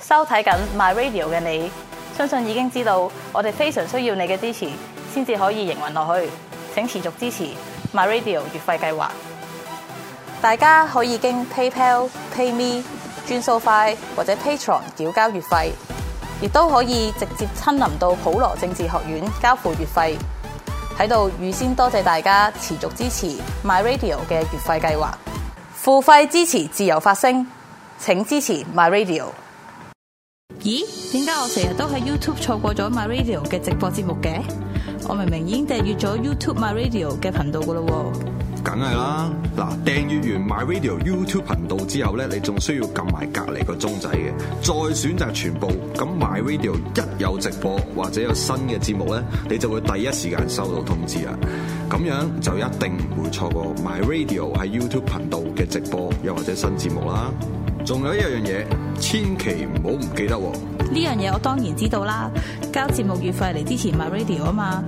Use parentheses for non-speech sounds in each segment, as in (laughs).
收睇緊 My Radio 嘅你，相信已經知道我哋非常需要你嘅支持，先至可以營運落去，請持續支持 My Radio 月費計劃。大家可以經 PayPal、PayMe、轉數快或者 Patreon 繳交月費，亦都可以直接親臨到普羅政治學院交付月費。喺度預先多謝大家持續支持 My Radio 嘅月費計劃，付費支持自由發聲，請支持 My Radio。咦？點解我成日都喺 YouTube 錯過咗 My Radio 嘅直播節目嘅？我明明已經訂閱咗 YouTube My Radio 嘅頻道噶咯喎。梗係啦，嗱，訂閱完 My Radio YouTube 頻道之後咧，你仲需要撳埋隔籬個鐘仔嘅，再選擇全部。咁 My Radio 一有直播或者有新嘅節目咧，你就會第一時間收到通知啊。咁樣就一定唔會錯過 My Radio 喺 YouTube 頻道嘅直播又或者新節目啦。仲有一樣嘢，千祈唔好唔記得、哦、喎！呢樣嘢我當然知道啦，交節目月費嚟之前買 radio 啊嘛。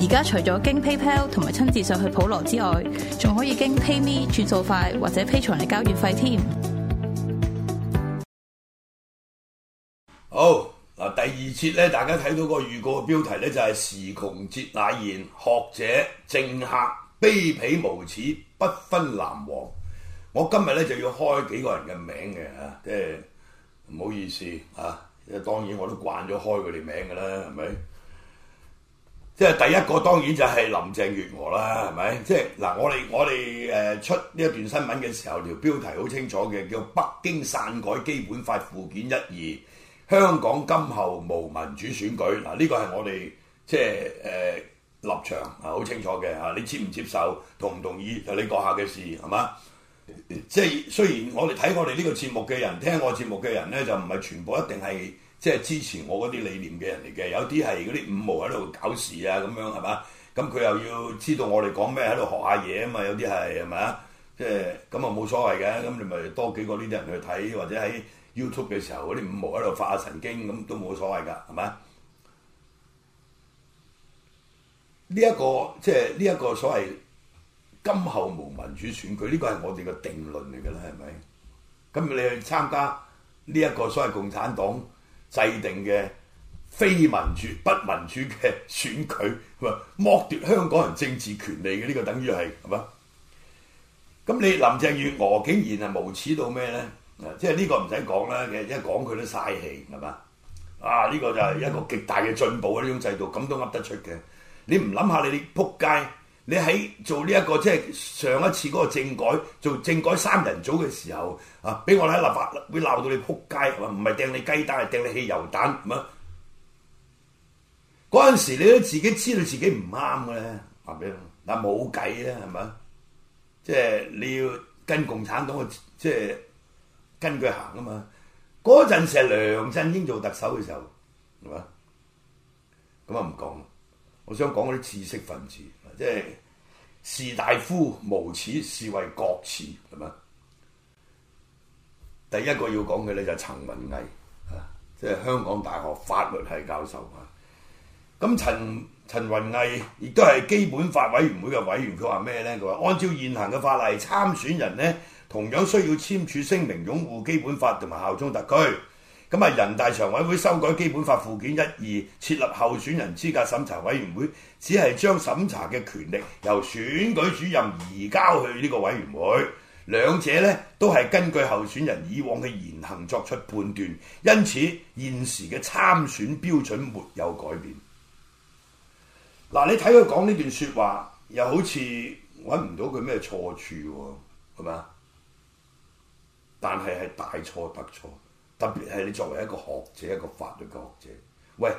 而家除咗經 PayPal 同埋親自上去普羅之外，仲可以經 PayMe 轉數快或者 Pay 財嚟交月費添。好嗱，第二節咧，大家睇到個預告嘅標題咧，就係、是、時窮節乃言，學者政客卑鄙無恥，不分藍黃。我今日咧就要開幾個人嘅名嘅嚇，即係唔好意思嚇、啊。當然我都慣咗開佢哋名㗎啦，係咪？即、就、係、是、第一個當然就係林鄭月娥啦，係咪？即係嗱，我哋我哋誒、啊、出呢一段新聞嘅時候，條標題好清楚嘅，叫《北京篡改基本法附件一二》，香港今後無民主選舉嗱，呢個係我哋即係誒立場啊，好清楚嘅嚇、啊。你接唔接受，同唔同意，就是、你閣下嘅事係嘛？即係雖然我哋睇我哋呢個節目嘅人，聽我節目嘅人咧，就唔係全部一定係即係支持我嗰啲理念嘅人嚟嘅，有啲係嗰啲五毛喺度搞事啊，咁樣係嘛？咁佢又要知道我哋講咩喺度學下嘢啊嘛？有啲係係咪啊？即係咁啊，冇所謂嘅，咁你咪多幾個呢啲人去睇，或者喺 YouTube 嘅時候嗰啲五毛喺度發下神經咁都冇所謂噶，係咪？呢一個即係呢一個所謂。今後無民主選舉呢個係我哋嘅定論嚟嘅啦，係咪？咁你去參加呢一個所謂共產黨制定嘅非民主、不民主嘅選舉，咁啊剝奪香港人政治權利嘅呢個等於係，係嘛？咁你林鄭月娥竟然係無恥到咩咧？即係呢個唔使講啦，嘅一講佢都嘥氣，係嘛？啊，呢個就係一個極大嘅進步嘅呢種制度咁都噏得出嘅，你唔諗下你哋撲街！你喺做呢一個即係上一次嗰個政改做政改三人組嘅時候啊，俾我喺立法會鬧到你撲街，唔係掟你雞蛋，係掟你汽油彈，啊！嗰陣時你都自己知道自己唔啱嘅咧，話俾你聽，但冇計啦，係咪？即係你要跟共產黨去，即係跟佢行啊嘛。嗰陣時係梁振英做特首嘅時候，係咪啊？咁啊唔講，我想講嗰啲知識分子。即係士大夫無恥，是為國恥，係咪？第一個要講嘅咧就係陳雲毅，啊、即係香港大學法律系教授啊。咁陳陳雲毅亦都係基本法委員會嘅委員，佢話咩咧？佢話按照現行嘅法例，參選人咧同樣需要簽署聲明擁護基本法同埋效忠特區。咁啊！人大常委會修改基本法附件一、二，設立候選人資格審查委員會，只係將審查嘅權力由選舉主任移交去呢個委員會。兩者呢都係根據候選人以往嘅言行作出判斷，因此現時嘅參選標準沒有改變。嗱、呃，你睇佢講呢段說話，又好似揾唔到佢咩錯處，係咪啊？但係係大錯特錯。特別係你作為一個學者，一個法律嘅學者，喂，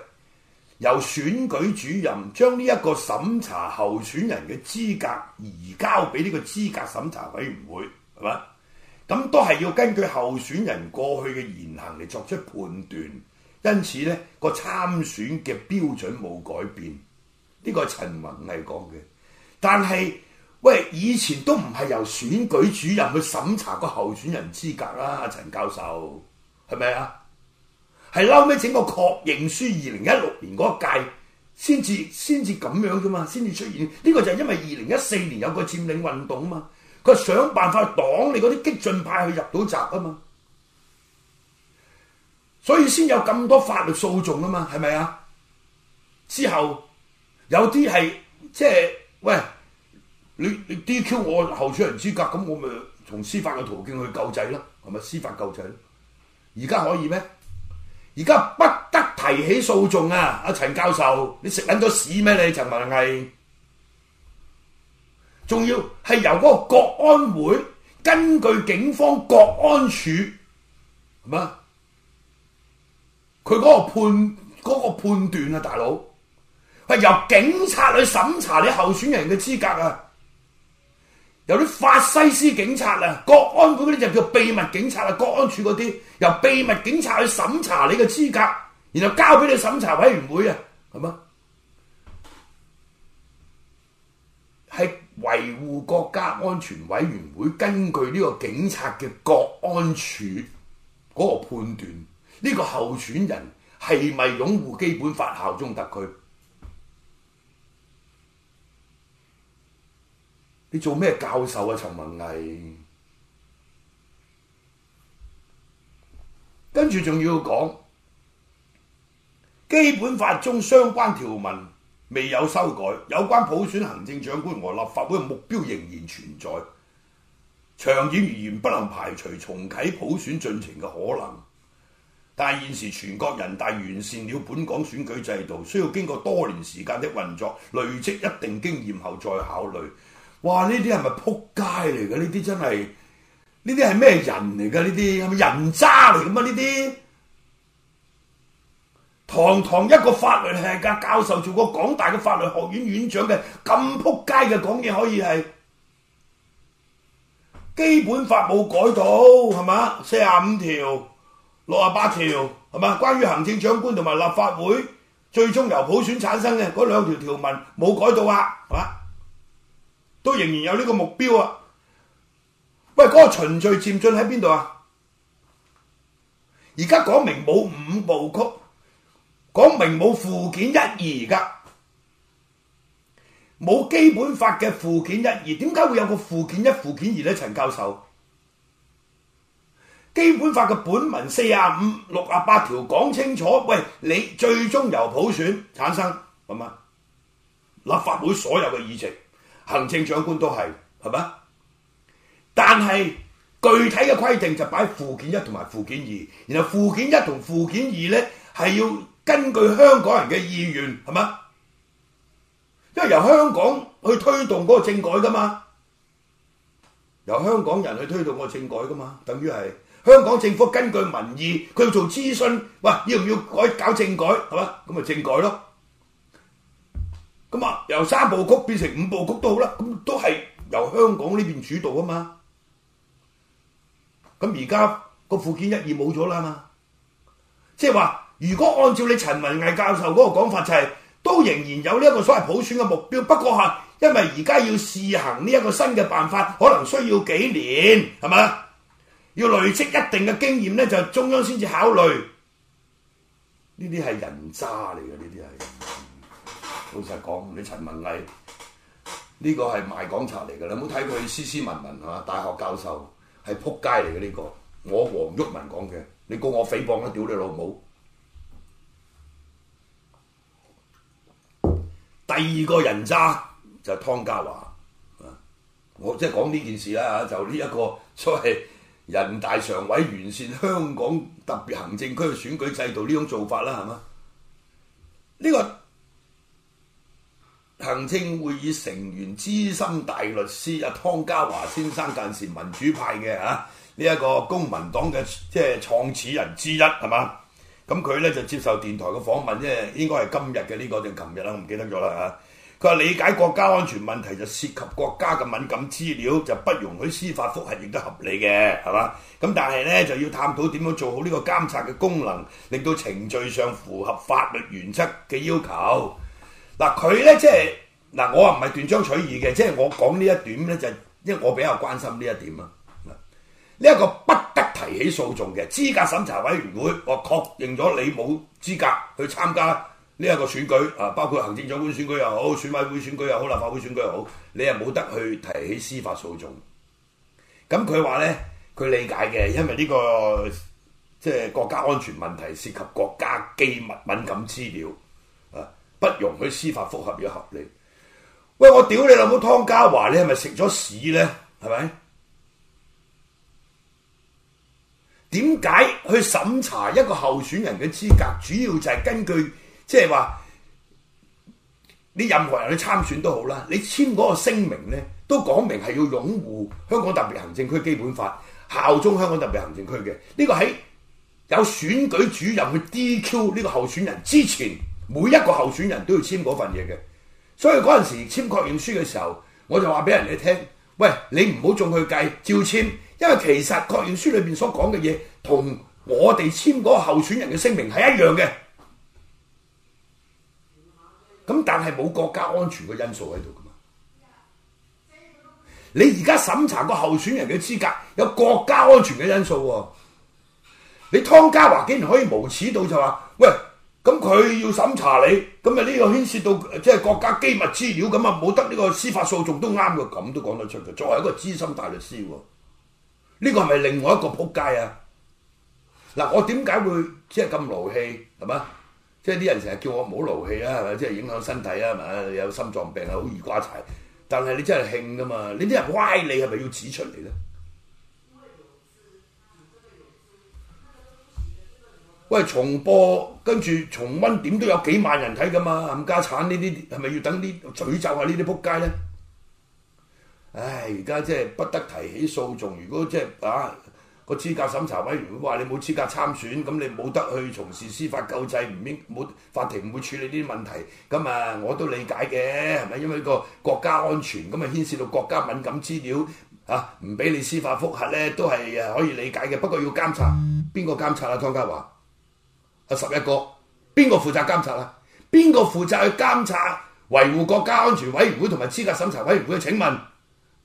由選舉主任將呢一個審查候選人嘅資格移交俾呢個資格審查委員會，係嘛？咁都係要根據候選人過去嘅言行嚟作出判斷，因此呢個參選嘅標準冇改變。呢個係陳弘毅講嘅，但係喂以前都唔係由選舉主任去審查個候選人資格啦，陳教授。係咪啊？係後尾整個確認書，二零一六年嗰個屆先至先至咁樣啫嘛，先至出現呢個就係因為二零一四年有個佔領運動啊嘛，佢想辦法擋你嗰啲激進派去入到閘啊嘛，所以先有咁多法律訴訟啊嘛，係咪啊？之後有啲係即係喂，你你 DQ 我候選人資格，咁我咪從司法嘅途徑去救濟囉，係咪司法救濟囉？而家可以咩？而家不得提起訴訟啊！阿陳教授，你食捻咗屎咩？你陳文毅，仲要係由嗰個國安會根據警方國安處，係嘛？佢嗰個判嗰個判斷啊，大佬係由警察去審查你候選人嘅資格啊！有啲法西斯警察啊，國安局嗰啲就叫秘密警察啊，國安處嗰啲由秘密警察去審查你嘅資格，然後交俾你審查委員會啊，係嘛？係維護國家安全委員會根據呢個警察嘅國安處嗰個判斷，呢個候選人係咪擁護基本法效忠特區？你做咩教授啊？陳文義，跟住仲要講基本法中相關條文未有修改，有關普選行政長官和立法會目標仍然存在。長遠而言，不能排除重啟普選進程嘅可能。但係現時全國人大完善了本港選舉制度，需要經過多年時間的運作，累積一定經驗後再考慮。哇！呢啲係咪仆街嚟嘅？呢啲真係，呢啲係咩人嚟嘅？呢啲係咪人渣嚟咁啊？呢啲堂堂一個法律系嘅教授，做過港大嘅法律學院院長嘅，咁仆街嘅講嘢可以係基本法冇改到，係嘛？四十五條、六十八條，係嘛？關於行政長官同埋立法會最終由普選產生嘅嗰兩條條文冇改到啊，係嘛？都仍然有呢個目標啊！喂，嗰、那個循序漸進喺邊度啊？而家講明冇五步曲，講明冇附件一、二噶，冇基本法嘅附件一、二，點解會有個附件一、附件二咧？陳教授，基本法嘅本文四啊五、六啊八條講清楚。喂，你最終由普選產生，係咪立法會所有嘅議席？行政長官都係，係嘛？但係具體嘅規定就擺附件一同埋附件二，然後附件一同附件二咧係要根據香港人嘅意願，係嘛？因為由香港去推動嗰個政改噶嘛，由香港人去推動個政改噶嘛，等於係香港政府根據民意，佢要做諮詢，喂，要唔要改搞政改，係嘛？咁咪政改咯。咁啊，由三部曲變成五部曲都好啦，咁都係由香港呢邊主導啊嘛。咁而家個附件一二冇咗啦嘛，即係話如果按照你陳文毅教授嗰個講法，就是，就係都仍然有呢一個所謂普選嘅目標，不過吓，因為而家要試行呢一個新嘅辦法，可能需要幾年，係咪，要累積一定嘅經驗咧，就中央先至考慮。呢啲係人渣嚟嘅，呢啲係。老實講，你陳文義呢、這個係賣港賊嚟嘅啦，冇睇佢斯斯文文嚇，大學教授係撲街嚟嘅呢個。我黃毓民講嘅，你告我誹謗啊！屌你老母！第二個人渣就係、是、湯家驊啊！我即係講呢件事啦就呢一個所謂人大常委完善香港特別行政區嘅選舉制度呢種做法啦，係嘛？呢、這個。行政會議成員資深大律師阿湯家驊先生，近時民主派嘅啊，呢一個公民黨嘅即係創始人之一，係嘛？咁佢咧就接受電台嘅訪問啫，應該係今日嘅呢個定琴日啦，我唔記得咗啦嚇。佢話理解國家安全問題就涉及國家嘅敏感資料，就不容許司法覆核亦都合理嘅，係嘛？咁但係咧就要探討點樣做好呢個監察嘅功能，令到程序上符合法律原則嘅要求。嗱，佢咧，即係，嗱，我啊唔係斷章取義嘅，即係我講呢一段咧就因為我比較關心呢一點啊。呢一個不得提起訴訟嘅資格審查委員會，我確認咗你冇資格去參加呢一個選舉啊，包括行政長官選舉又好、選委會選舉又好、立法會選舉又好，你又冇得去提起司法訴訟。咁佢話咧，佢理解嘅，因為呢個即係國家安全問題涉及國家機密敏感資料。不容許司法覆核要合理。喂，我屌你老母湯家驊，你係咪食咗屎呢？係咪？點解去審查一個候選人嘅資格？主要就係根據，即係話你任何人去參選都好啦，你簽嗰個聲明呢，都講明係要擁護香港特別行政區基本法、效忠香港特別行政區嘅。呢個喺有選舉主任去 DQ 呢個候選人之前。每一個候選人都要簽嗰份嘢嘅，所以嗰陣時簽確認書嘅時候，我就話俾人哋聽：喂，你唔好仲去計照簽，因為其實確認書裏面所講嘅嘢，同我哋簽嗰個候選人嘅聲明係一樣嘅。咁但係冇國家安全嘅因素喺度噶嘛？你而家審查個候選人嘅資格有國家安全嘅因素喎，哦。你湯家驊竟然可以無恥到就話：喂！咁佢要審查你，咁啊呢個牽涉到即係國家機密資料，咁啊冇得呢個司法訴訟都啱嘅，咁都講得出嘅。作為一個資深大律師喎，呢個係咪另外一個撲街啊？嗱，我點解會即係咁勞氣係嘛？即係啲人成日叫我唔好勞氣啦，係咪？即係影響身體啦，係咪？有心臟病啊，好易瓜柴。但係你真係興㗎嘛？你啲人歪你係咪要指出嚟咧？喂，重播跟住重溫，點都有幾萬人睇噶嘛？冚家鏟呢啲係咪要等啲咀咒下呢啲仆街呢？唉，而家即係不得提起訴訟。如果即、就、係、是、啊個資格審查委員會話你冇資格參選，咁你冇得去從事司法救濟，唔應冇法庭唔會處理呢啲問題。咁啊，我都理解嘅，係咪因為一個國家安全咁啊牽涉到國家敏感資料啊，唔俾你司法覆核呢都係、啊、可以理解嘅。不過要監察邊個、嗯、監察啊，湯家驊？啊、十一個，邊個負責監察啊？邊個負責去監察維護國家安全委員會同埋資格審查委員會？請問，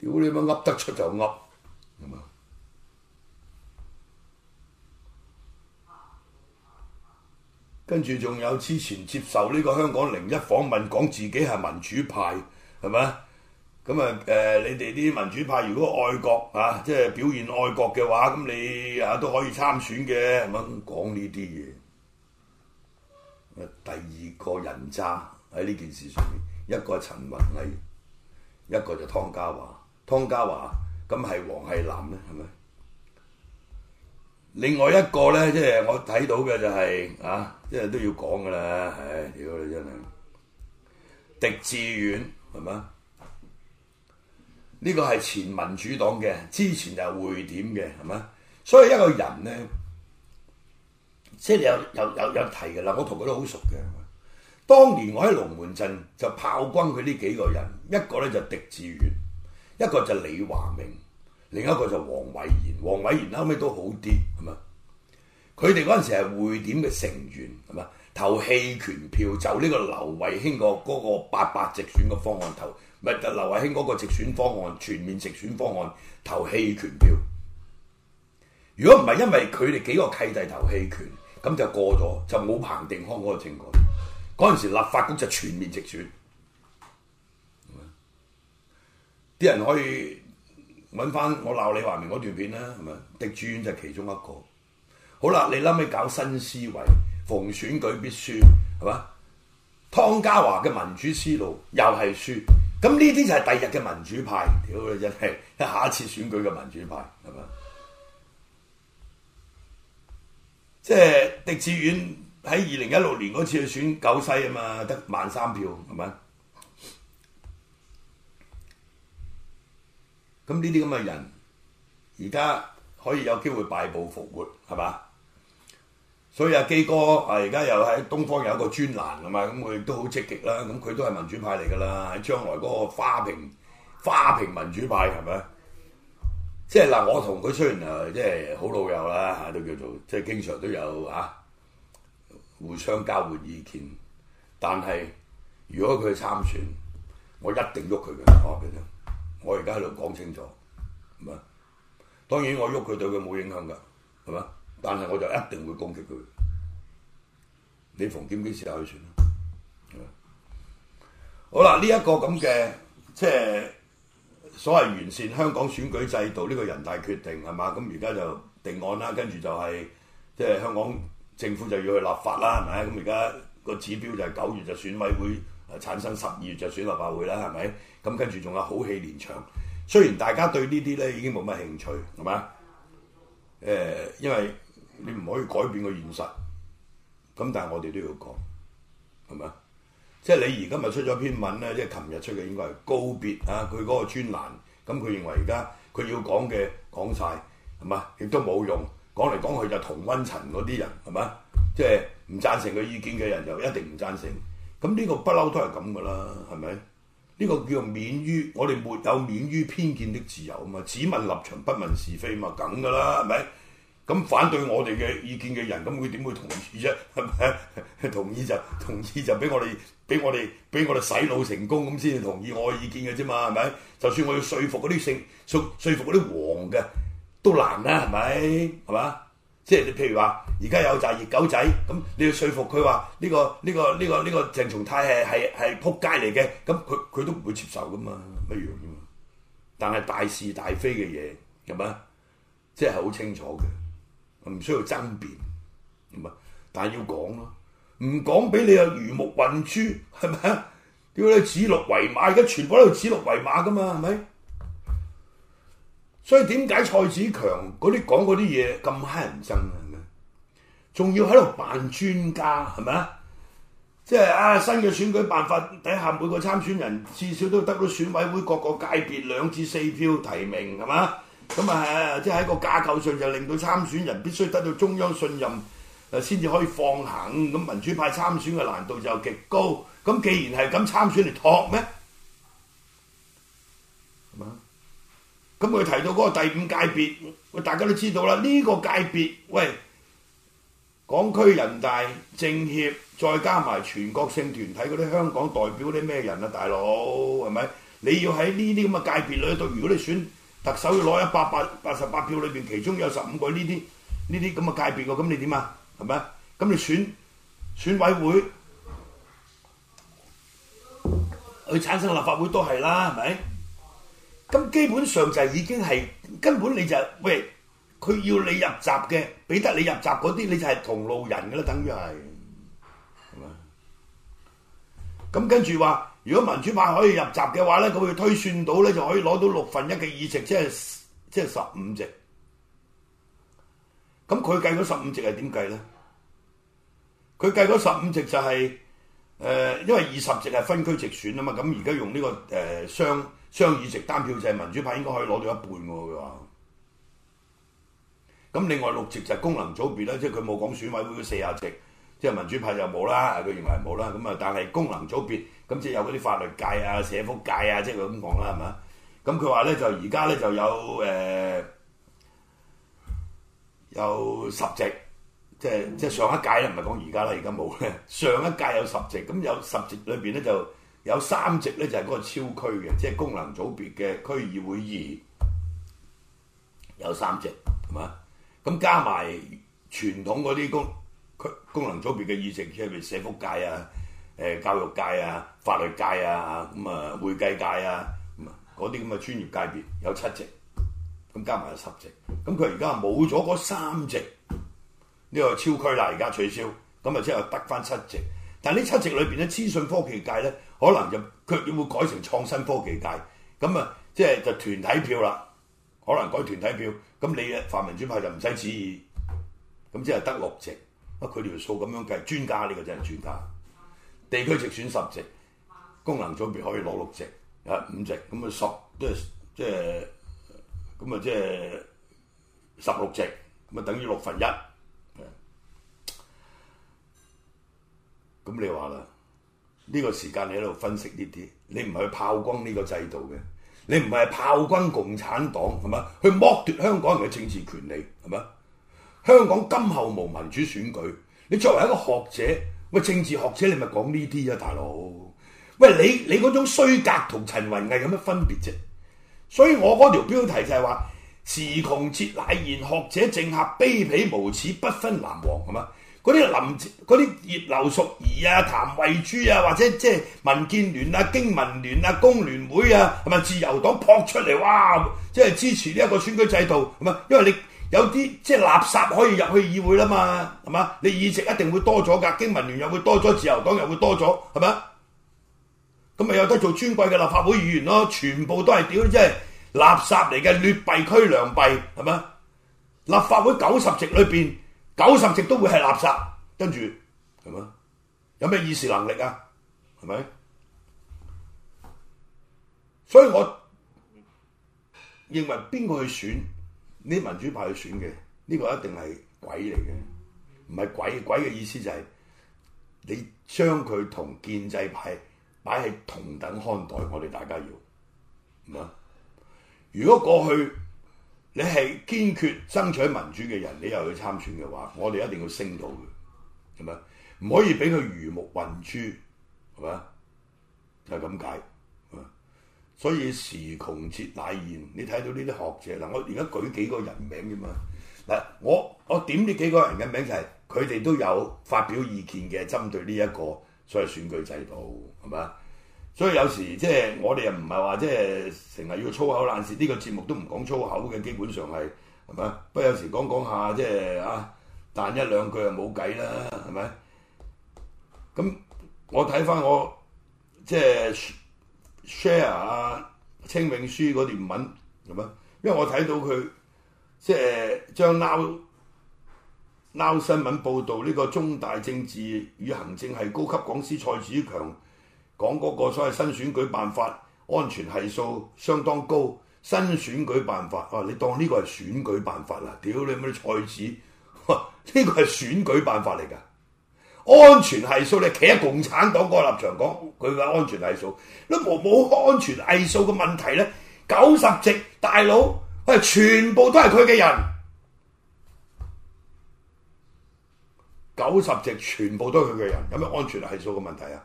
屌你媽，噏得出就噏、嗯嗯。跟住仲有之前接受呢個香港零一訪問，講自己係民主派，係咪？咁、嗯、啊、誒、呃，你哋啲民主派如果愛國啊，即係表現愛國嘅話，咁你啊都可以參選嘅，係咪？講呢啲嘢。第二個人渣喺呢件事上面，一個係陳雲偉，一個就湯家驊。湯家驊咁係黃係藍咧，係咪？另外一個咧，即係我睇到嘅就係啊，即係都要講噶啦，唉，屌你真係！狄志遠係嘛？呢個係前民主黨嘅，之前就係會點嘅，係嘛？所以一個人咧。即係你有有有有提嘅啦，我同佢都好熟嘅。當年我喺龍門陣就炮轟佢呢幾個人，一個咧就狄志遠，一個就李華明，另一個就黃偉賢。黃偉賢後尾都好啲，係嘛？佢哋嗰陣時係會點嘅成員，係嘛？投棄權票就呢個劉慧卿個嗰個八八直選嘅方案投，咪劉慧卿嗰個直選方案全面直選方案投棄權票。如果唔係，因為佢哋幾個契弟投棄權。咁就過咗，就冇彭定康嗰個情況。嗰陣時立法局就全面直選，啲人可以揾翻我鬧李華明嗰段片啦，係嘛？狄志遠就係其中一個。好啦，你諗起搞新思維，逢選舉必輸，係嘛？湯家驊嘅民主思路又係輸，咁呢啲就係第日嘅民主派，屌你真係，下一次選舉嘅民主派，係嘛？即係狄志遠喺二零一六年嗰次去選九西啊嘛，得萬三票係咪？咁呢啲咁嘅人，而家可以有機會敗部復活係嘛？所以阿、啊、基哥啊，而家又喺東方有一個專欄啊嘛，咁佢都好積極啦。咁佢都係民主派嚟㗎啦，喺將來嗰個花瓶花瓶民主派係咪？即係嗱，我同佢雖然誒，即係好老友啦吓，都叫做即係經常都有吓、啊，互相交換意見。但係如果佢參選，我一定喐佢嘅，我嘅啫。我而家喺度講清楚，咁啊。當然我喐佢對佢冇影響噶，係嘛。但係我就一定會攻擊佢。你逢堅幾時又去選？好啦，呢、這、一個咁嘅即係。所謂完善香港選舉制度呢個人大決定係嘛？咁而家就定案啦，跟住就係即係香港政府就要去立法啦，係咪？咁而家個指標就係九月就選委會、呃、產生，十二月就選立法會啦，係咪？咁跟住仲有好戲連場。雖然大家對呢啲咧已經冇乜興趣係嘛？誒、呃，因為你唔可以改變個現實。咁但係我哋都要講，係咪？即係你而家咪出咗篇文咧，即係琴日出嘅應該係告別啊！佢嗰個專欄，咁佢認為而家佢要講嘅講晒，係嘛？亦都冇用，講嚟講去就同溫層嗰啲人係嘛？即係唔贊成佢意見嘅人就一定唔贊成。咁呢個不嬲都係咁㗎啦，係咪？呢個叫做免於我哋沒有免於偏見的自由啊嘛！只問立場，不問是非啊嘛，梗㗎啦，係咪？咁反對我哋嘅意見嘅人，咁佢點會同意啫？係咪？ (laughs) 同意就同意就俾我哋。俾我哋，俾我哋洗腦成功咁先至同意我嘅意見嘅啫嘛，係咪？就算我要說服嗰啲姓，説説服嗰啲黃嘅都難啦，係咪？係嘛？即係你譬如話，而家有就係熱狗仔，咁你要説服佢話呢個呢個呢個呢個鄭松泰係係係撲街嚟嘅，咁佢佢都唔會接受噶嘛，乜樣啫嘛。但係大是大非嘅嘢，係咪？即係好清楚嘅，唔需要爭辯，唔係，但係要講咯。唔講俾你啊，魚目混珠係咪啊？屌你指鹿為馬，而家全部喺度指鹿為馬噶嘛，係咪？所以點解蔡子強嗰啲講嗰啲嘢咁乞人憎係咪？仲要喺度扮專家係咪啊？即係啊，新嘅選舉辦法底下，每個參選人至少都得到選委會各個界別兩至四票提名，係嘛？咁、嗯、啊，即係喺個架構上就令到參選人必須得到中央信任。先至可以放行，咁民主派參選嘅難度就極高。咁既然係咁參選嚟托咩？係嘛？咁佢提到嗰個第五界別，大家都知道啦。呢個界別，喂，港區人大政協，再加埋全國性團體嗰啲香港代表啲咩人啊？大佬係咪？你要喺呢啲咁嘅界別裏度，如果你選特首要攞一百八八十八票裏邊，其中有十五個呢啲呢啲咁嘅界別嘅，咁你點啊？係咪？咁你選選委會去產生立法會都係啦，係咪？咁基本上就已經係根本你就是、喂佢要你入閘嘅，俾得你入閘嗰啲你，你就係同路人噶啦，等於係，係咪？咁跟住話，如果民主派可以入閘嘅話咧，佢會推算到咧，就可以攞到六份一嘅議席，即係即係十五席。咁佢計嗰十五席係點計咧？佢計嗰十五席就係、是、誒、呃，因為二十席係分區直選啊嘛。咁而家用呢、這個誒雙雙議席單票制，民主派應該可以攞到一半喎。佢話，咁另外六席就係功能組別啦，即係佢冇講選委會嘅四十席，即係民主派就冇啦。佢認為冇啦。咁啊，但係功能組別，咁即係有嗰啲法律界啊、社福界啊，即係佢咁講啦，係咪？咁佢話咧，就而家咧就有誒。呃有十席，即係即係上一屆咧，唔係講而家啦，而家冇咧。上一屆有十席，咁有十席裏邊咧就有三席咧就係嗰個超區嘅，即係功能組別嘅區議會議，有三席，係嘛？咁加埋傳統嗰啲工區功能組別嘅議席，譬如社福界啊、誒、呃、教育界啊、法律界啊、咁啊會計界啊，咁啊嗰啲咁嘅專業界別有七席。咁加埋十席，咁佢而家冇咗嗰三席，呢個超區啦，而家取消，咁啊即係得返七席。但係呢七席裏邊咧，資訊科技界咧，可能就佢要會改成創新科技界，咁啊即係就團體票啦，可能改團體票。咁你呢泛民主派就唔使旨意，咁即係得六席。啊，佢條數咁樣計，專家呢個真係專家。地區直選十席，功能組別可以攞六席啊，五席。咁啊，十即係即係。就是咁啊，即係十六席，咁啊等於六分一。咁、嗯、你話啦，呢、呢個時間你喺度分析呢啲，你唔係去炮轟呢個制度嘅，你唔係炮轟共產黨，係咪？去剝奪香港人嘅政治權利，係咪？香港今後無民主選舉，你作為一個學者，喂，政治學者，你咪講呢啲啊，大佬。喂，你你嗰種衰格同陳雲毅有乜分別啫？所以我嗰條標題就係話：時窮節乃現，學者政客卑鄙無恥，不分藍黃咁啊！嗰啲林、啲葉劉淑儀啊、譚慧珠啊，或者即係民建聯啊、經民聯啊、工聯會啊，係咪自由黨撲出嚟？哇！即係支持呢一個選舉制度，係咪？因為你有啲即係垃圾可以入去議會啦嘛，係嘛？你議席一定會多咗㗎，經民聯又會多咗，自由黨又會多咗，係咪？咁咪有得做尊貴嘅立法會議員咯？全部都係屌，即係垃圾嚟嘅劣幣驅良幣，係咪？立法會九十席裏邊，九十席都會係垃圾，跟住係咪？有咩議事能力啊？係咪？所以我認為邊個去選呢？民主派去選嘅呢個一定係鬼嚟嘅，唔係鬼。鬼嘅意思就係你將佢同建制派。擺喺同等看待，我哋大家要，係嘛？如果過去你係堅決爭取民主嘅人，你又要參選嘅話，我哋一定要升到佢，係咪？唔可以俾佢魚目混珠，係咪？就係咁解，所以時窮節乃現。你睇到呢啲學者嗱，我而家舉幾個人名啫嘛嗱，我我點呢幾個人嘅名就係，佢哋都有發表意見嘅，針對呢一個。所以選舉制度係嘛？所以有時即係我哋又唔係話即係成日要粗口爛舌，呢個節目都唔講粗口嘅，基本上係係嘛？不過有時講講下即係啊，彈一兩句又冇計啦，係咪？咁我睇翻我即係 share 啊，清永書嗰段文係嘛？因為我睇到佢即係將鬧。Now 新聞報道，呢、這個中大政治與行政係高級講師蔡子強講嗰個所謂新選舉辦法安全係數相當高。新選舉辦法啊，你當呢個係選舉辦法啊？屌你咪蔡子，呢個係選舉辦法嚟噶、啊這個。安全係數你企喺共產黨嗰個立場講，佢嘅安全係數，你冇冇安全係數嘅問題咧？九十席大佬，佢全部都係佢嘅人。九十隻全部都係佢嘅人，有咩安全係數嘅問題啊？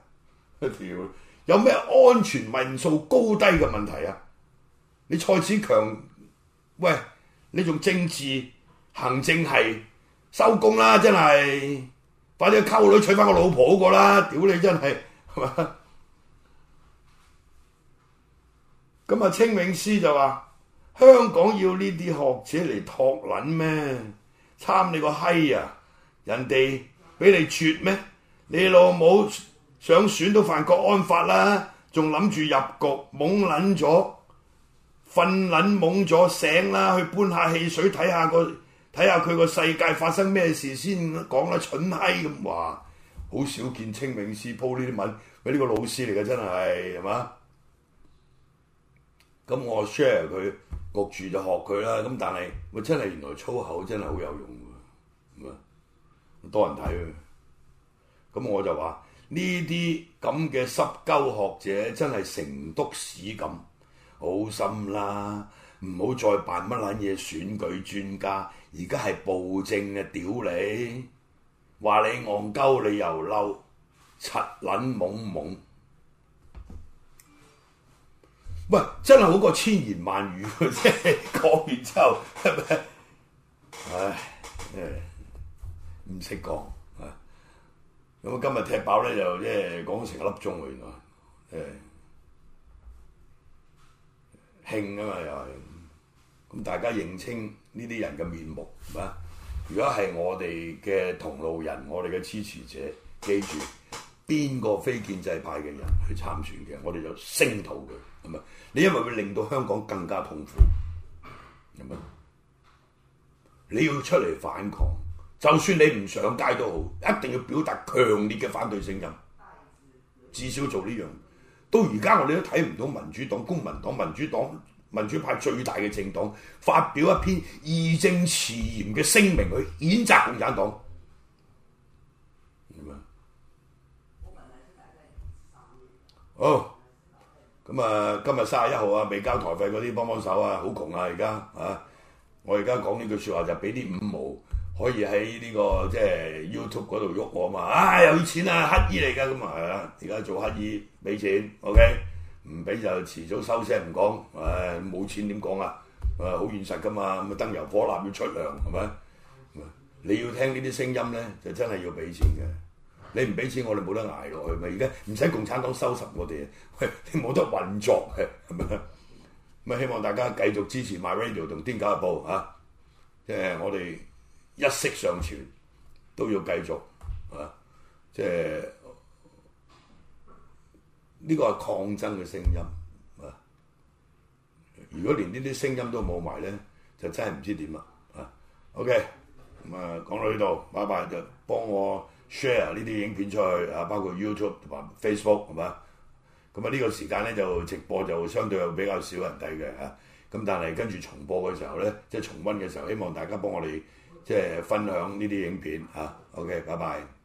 屌， (laughs) 有咩安全民數高低嘅問題啊？你蔡子強，喂，你仲政治行政係收工啦，真係，快啲溝女娶翻個老婆好過啦，屌你真係，係嘛？咁啊，清永詩就話香港要呢啲學者嚟托卵咩？參你個閪啊！人哋俾你撮咩？你老母想選都犯國安法啦，仲諗住入局懵撚咗，瞓撚懵咗醒啦，去搬下汽水睇下個睇下佢個世界發生咩事先講啦！蠢閪咁話，好少見清明詩鋪呢啲文，俾呢個老師嚟，嘅真係係嘛？咁我 share 佢焗住就學佢啦。咁但係咪真係原來粗口真係好有用？多人睇，咁我就話呢啲咁嘅濕鳩學者真係成督屎咁，好心啦，唔好再扮乜捻嘢選舉專家，而家係暴政嘅、啊、屌你，話你戇鳩你又嬲，柒捻懵懵，喂，真係好過千言萬語，即係講完之後，係 (laughs) 唉，唉唔識講啊！咁今日踢爆咧就即係講成粒鐘啊！原來誒興啊嘛又係咁，大家認清呢啲人嘅面目係嘛？如果係我哋嘅同路人，我哋嘅支持者，記住邊個非建制派嘅人去參選嘅，我哋就聲討佢係咪？你因為會令到香港更加痛苦，係咪？你要出嚟反抗！就算你唔上街都好，一定要表達強烈嘅反對聲音，至少做呢樣。到而家我哋都睇唔到民主黨、公民黨、民主黨、民主派最大嘅政黨發表一篇義正辭嚴嘅聲明去譴責共產黨。好，咁啊，今日三十一號啊，未交台費嗰啲幫幫手啊，好窮啊，而家啊，我而家講呢句説話就俾啲五毛。.可以喺呢、這個即係 YouTube 嗰度喐我嘛？啊有錢啊，乞衣嚟噶咁啊，而、嗯、家做乞衣俾錢，OK，唔俾就遲早收聲唔講。唉、呃，冇錢點講啊？啊、呃，好現實噶嘛。咁啊，燈油火蠟要出糧，係咪？你要聽呢啲聲音咧，就真係要俾錢嘅。你唔俾錢，我哋冇得捱落去嘛。而家唔使共產黨收拾我哋， (laughs) 你冇得運作嘅，咪？咁啊，希望大家繼續支持 My Radio 同《天狗日報》嚇、啊。即、yeah, 係我哋。一息尚存都要繼續啊！即係呢個係抗爭嘅聲音啊！如果連呢啲聲音都冇埋咧，就真係唔知點啦啊！OK，咁、嗯、啊講到呢度，拜拜！就幫我 share 呢啲影片出去啊，包括 YouTube 同埋 Facebook 係咪？咁啊、嗯、呢、呢個時間咧就直播就相對比較少人睇嘅啊！咁、嗯、但係跟住重播嘅時候咧，即係重温嘅時候，希望大家幫我哋。即係分享呢啲影片嚇，啊，OK，拜拜。